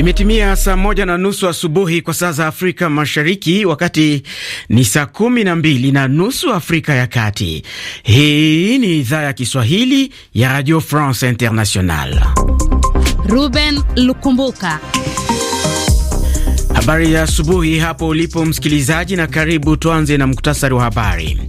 Imetimia saa moja na nusu asubuhi kwa saa za Afrika Mashariki, wakati ni saa kumi na mbili na nusu Afrika ya Kati. Hii ni idhaa ya Kiswahili ya Radio France International. Ruben Lukumbuka, habari ya asubuhi hapo ulipo msikilizaji, na karibu. Tuanze na muktasari wa habari.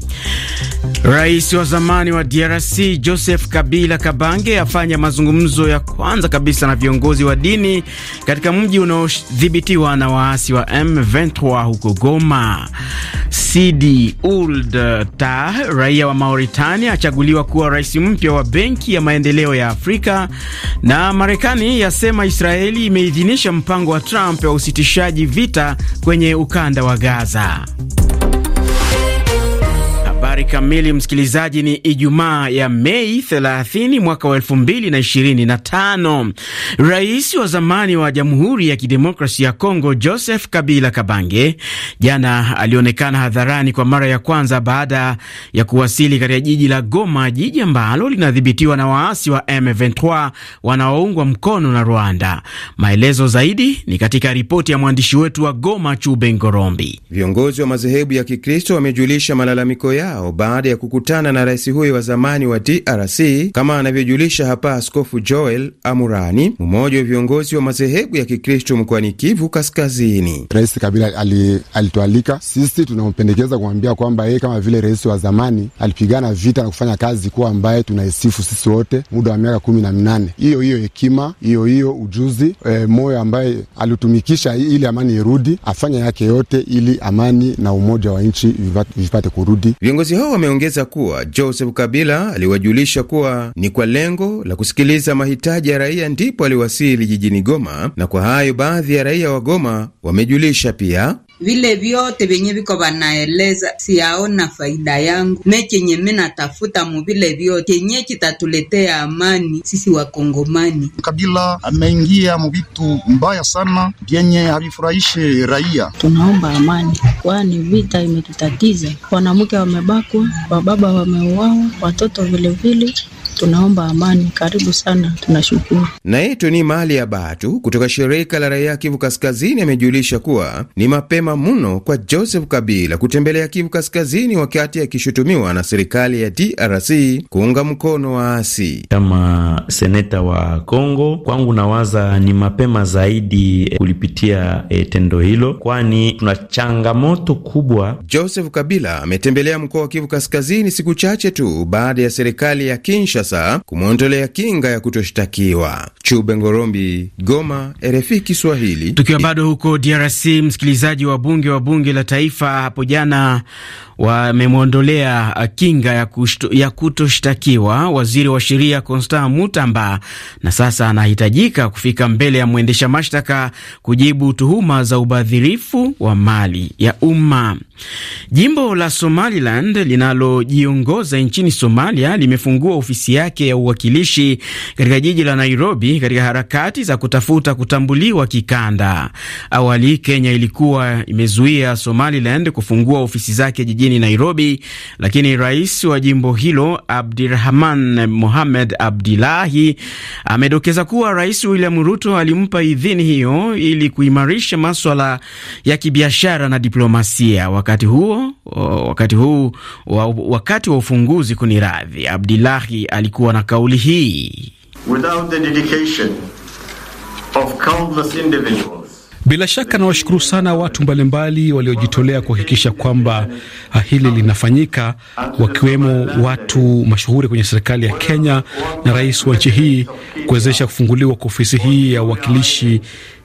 Rais wa zamani wa DRC Joseph Kabila Kabange afanya mazungumzo ya kwanza kabisa na viongozi wa dini katika mji unaodhibitiwa na waasi wa M23 huko Goma. Sidi Ould Tah, raia wa Mauritania, achaguliwa kuwa rais mpya wa Benki ya Maendeleo ya Afrika. Na Marekani yasema Israeli imeidhinisha mpango wa Trump wa usitishaji vita kwenye ukanda wa Gaza. Habari kamili, msikilizaji. Ni Ijumaa ya Mei 30 mwaka wa 2025. Rais wa zamani wa Jamhuri ya Kidemokrasi ya Kongo Joseph Kabila Kabange jana alionekana hadharani kwa mara ya kwanza baada ya kuwasili katika jiji la Goma, jiji ambalo linadhibitiwa na waasi wa M23 wanaoungwa mkono na Rwanda. Maelezo zaidi ni katika ripoti ya mwandishi wetu wa Goma, Chube Ngorombi. Viongozi wa madhehebu ya Kikristo wamejulisha malalamiko yao yao baada ya kukutana na rais huyo wa zamani wa DRC, kama anavyojulisha hapa Askofu Joel Amurani, mmoja wa viongozi wa madhehebu ya Kikristo mkoani Kivu Kaskazini. Rais Kabila alitualika ali sisi, tunampendekeza kumwambia kwamba yeye kama vile rais wa zamani alipigana vita na kufanya kazi kuwa ambaye tunaisifu sisi wote muda wa miaka kumi na minane. Hiyo hiyo hekima hiyo hiyo ujuzi e, moyo ambaye alitumikisha ili amani irudi, afanya yake yote ili amani na umoja wa nchi vipate kurudi viongozi Viongozi hao wameongeza kuwa Joseph Kabila aliwajulisha kuwa ni kwa lengo la kusikiliza mahitaji ya raia ndipo aliwasili jijini Goma, na kwa hayo baadhi ya raia wa Goma wamejulisha pia vile vyote vyenye viko vanaeleza siyaona faida yangu me chenye mi natafuta muvile vyote chenye kitatuletea amani sisi wakongomani. Kabila ameingia muvitu mbaya sana vyenye havifurahishe raia. Tunaomba amani, kwani vita imetutatiza. Wanamke wamebakwa, wababa wameuawa, watoto vilevile vile tunaomba amani. Karibu sana, tunashukuru. Naye Toni Mali ya Batu kutoka shirika la raia Kivu Kaskazini amejulisha kuwa ni mapema mno kwa Joseph Kabila kutembelea Kivu Kaskazini wakati akishutumiwa na serikali ya DRC kuunga mkono waasi. Kama seneta wa Kongo, kwangu nawaza ni mapema zaidi eh, kulipitia e, tendo hilo, kwani tuna changamoto kubwa. Joseph Kabila ametembelea mkoa wa Kivu Kaskazini siku chache tu baada ya serikali ya Kinshasa Kinshasa kumwondolea kinga ya kutoshtakiwa. Chube Ngorombi, Goma, RFI Kiswahili. Tukiwa bado huko DRC, msikilizaji, wa bunge wa bunge la taifa hapo jana wamemwondolea kinga ya kutoshtakiwa waziri wa sheria Constant Mutamba, na sasa anahitajika kufika mbele ya mwendesha mashtaka kujibu tuhuma za ubadhirifu wa mali ya umma. Jimbo la Somaliland linalojiongoza nchini Somalia limefungua ofisi nafasi yake ya uwakilishi katika jiji la Nairobi katika harakati za kutafuta kutambuliwa kikanda. Awali Kenya ilikuwa imezuia Somaliland kufungua ofisi zake jijini Nairobi, lakini rais wa jimbo hilo Abdirahman Mohamed Abdilahi amedokeza kuwa Rais William Ruto alimpa idhini hiyo ili kuimarisha maswala ya kibiashara na diplomasia. Wakati huo wakati huu wakati wa ufunguzi kuniradhi, Abdilahi alikuwa na kauli hii. Without the dedication of countless individuals bila shaka nawashukuru sana watu mbalimbali waliojitolea kuhakikisha kwamba ah, hili linafanyika, wakiwemo watu mashuhuri kwenye serikali ya Kenya na rais wa nchi hii kuwezesha kufunguliwa kwa ofisi hii ya uwakilishi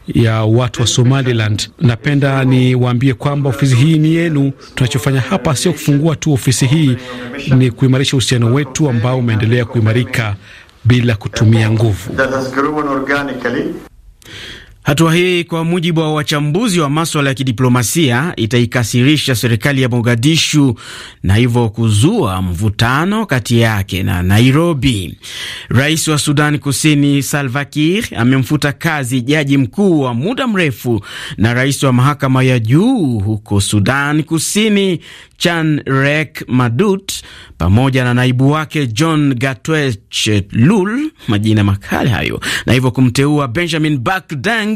ya watu wa Somaliland. Napenda niwaambie kwamba ofisi hii ni yenu. Tunachofanya hapa sio kufungua tu ofisi hii, ni kuimarisha uhusiano wetu ambao umeendelea kuimarika bila kutumia nguvu. Hatua hii kwa mujibu wa wachambuzi wa maswala ya kidiplomasia itaikasirisha serikali ya Mogadishu na hivyo kuzua mvutano kati yake na Nairobi. Rais wa Sudan Kusini Salva Kiir amemfuta kazi jaji mkuu wa muda mrefu na rais wa mahakama ya juu huko Sudan Kusini Chan Rek Madut pamoja na naibu wake John Gatwech Lul, majina makali hayo, na hivyo kumteua Benjamin Bakdang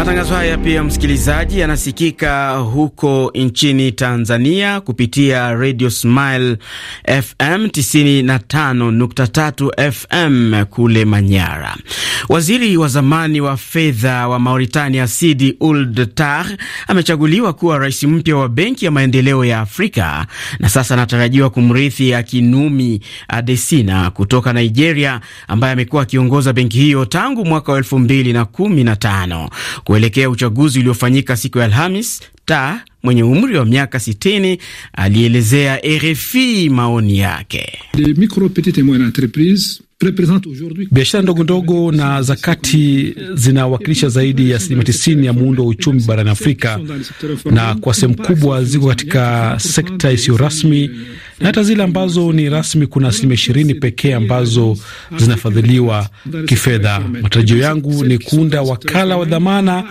Matangazo haya pia, msikilizaji, yanasikika huko nchini Tanzania kupitia Radio Smile FM 95.3 FM kule Manyara. Waziri wa zamani wa fedha wa Mauritania Sidi Ould Tah amechaguliwa kuwa rais mpya wa Benki ya Maendeleo ya Afrika na sasa anatarajiwa kumrithi Akinumi Adesina kutoka Nigeria ambaye amekuwa akiongoza benki hiyo tangu mwaka wa 2015 kuelekea uchaguzi uliofanyika siku ya Alhamis. Ta mwenye umri wa miaka 60 alielezea RFI maoni yake. Biashara ndogo ndogo na za kati zinawakilisha zaidi ya asilimia tisini ya muundo wa uchumi barani Afrika, na kwa sehemu kubwa ziko katika sekta isiyo rasmi na hata zile ambazo ni rasmi, kuna asilimia ishirini pekee ambazo zinafadhiliwa kifedha. Matarajio yangu ni kuunda wakala wa dhamana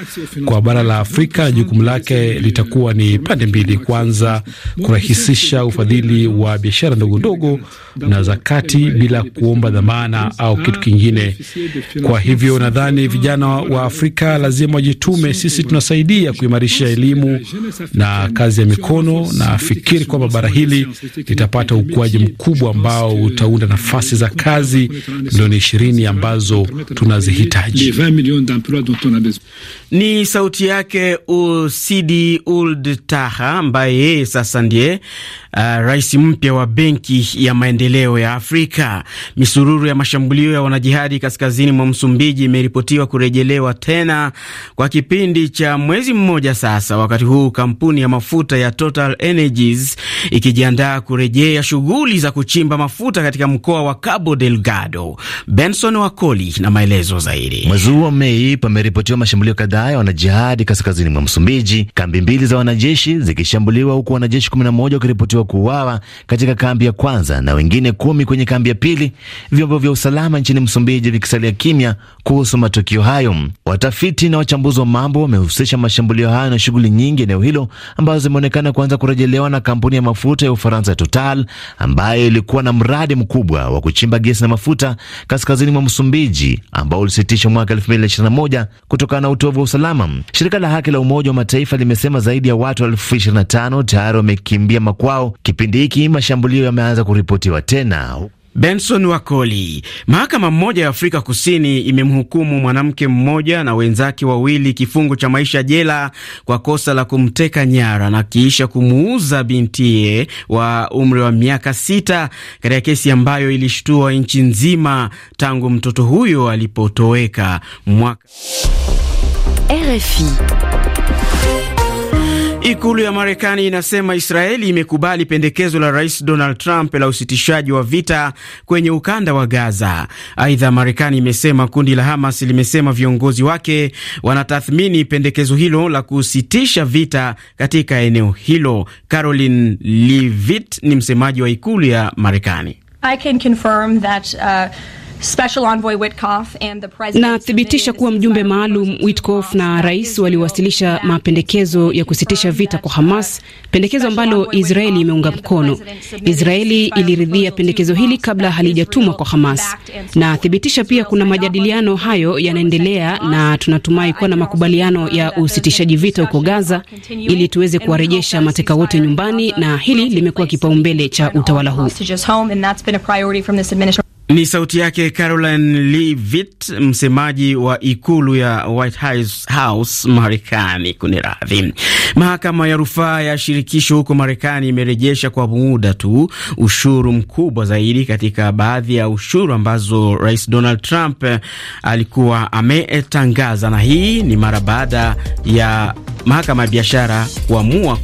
kwa bara la Afrika na jukumu lake litakuwa ni pande mbili: kwanza, kurahisisha ufadhili wa biashara ndogo ndogo na zakati bila kuomba dhamana au kitu kingine. Kwa hivyo nadhani vijana wa Afrika lazima wajitume. Sisi tunasaidia kuimarisha elimu na kazi ya mikono, na fikiri kwamba bara hili itapata ukuaji mkubwa ambao utaunda nafasi za kazi milioni ishirini ambazo tunazihitaji. Ni sauti yake Usidi Uld Taha ambaye yeye sasa ndiye uh, rais mpya wa Benki ya Maendeleo ya Afrika. Misururu ya mashambulio ya wanajihadi kaskazini mwa Msumbiji imeripotiwa kurejelewa tena kwa kipindi cha mwezi mmoja sasa, wakati huu kampuni ya mafuta ya Total Energies ikijiandaa kurejea shughuli za kuchimba mafuta katika mkoa wa Cabo Delgado. Benson Wakoli na maelezo zaidi. Mwezi huu wa Mei pameripotiwa mashambulio kadhaa ya wanajihadi kaskazini mwa Msumbiji, kambi mbili za wanajeshi zikishambuliwa, huku wanajeshi 11 wakiripotiwa kuuawa katika kambi ya kwanza na wengine kumi kwenye kambi ya pili, vyombo vya usalama nchini Msumbiji vikisalia kimya kuhusu matukio hayo. Watafiti na wachambuzi wa mambo wamehusisha mashambulio hayo na shughuli nyingi eneo hilo ambazo zimeonekana kuanza kurejelewa na kampuni ya mafuta ya Ufaransa Total ambayo ilikuwa na mradi mkubwa wa kuchimba gesi na mafuta kaskazini mwa Msumbiji ambao ulisitishwa mwaka 2021 kutokana na utovu wa usalama. Shirika la haki la Umoja wa Mataifa limesema zaidi ya watu 25 tayari wamekimbia makwao. Kipindi hiki mashambulio yameanza kuripotiwa tena. Benson Wakoli. Mahakama mmoja ya Afrika Kusini imemhukumu mwanamke mmoja na wenzake wawili kifungo cha maisha jela kwa kosa la kumteka nyara na kiisha kumuuza bintiye wa umri wa miaka sita katika kesi ambayo ilishtua nchi nzima tangu mtoto huyo alipotoweka mwaka RFI. Ikulu ya Marekani inasema Israeli imekubali pendekezo la Rais Donald Trump la usitishaji wa vita kwenye ukanda wa Gaza. Aidha, Marekani imesema kundi la Hamas limesema viongozi wake wanatathmini pendekezo hilo la kusitisha vita katika eneo hilo. Caroline livit ni msemaji wa Ikulu ya Marekani. I can confirm that, uh... Nathibitisha kuwa mjumbe maalum Witkoff na rais waliwasilisha mapendekezo ya kusitisha vita kwa Hamas, pendekezo ambalo Israeli imeunga mkono. Israeli iliridhia pendekezo hili kabla halijatumwa kwa Hamas. Nathibitisha pia kuna majadiliano hayo yanaendelea, na tunatumai kuwa na makubaliano ya usitishaji vita huko Gaza ili tuweze kuwarejesha mateka wote nyumbani, na hili limekuwa kipaumbele cha utawala huu. Ni sauti yake Caroline Leavitt, msemaji wa ikulu ya White House Marekani. Kuni radhi. Mahakama ya rufaa ya shirikisho huko Marekani imerejesha kwa muda tu ushuru mkubwa zaidi katika baadhi ya ushuru ambazo Rais Donald Trump eh, alikuwa ametangaza, na hii ni mara baada ya mahakama ya biashara kuamua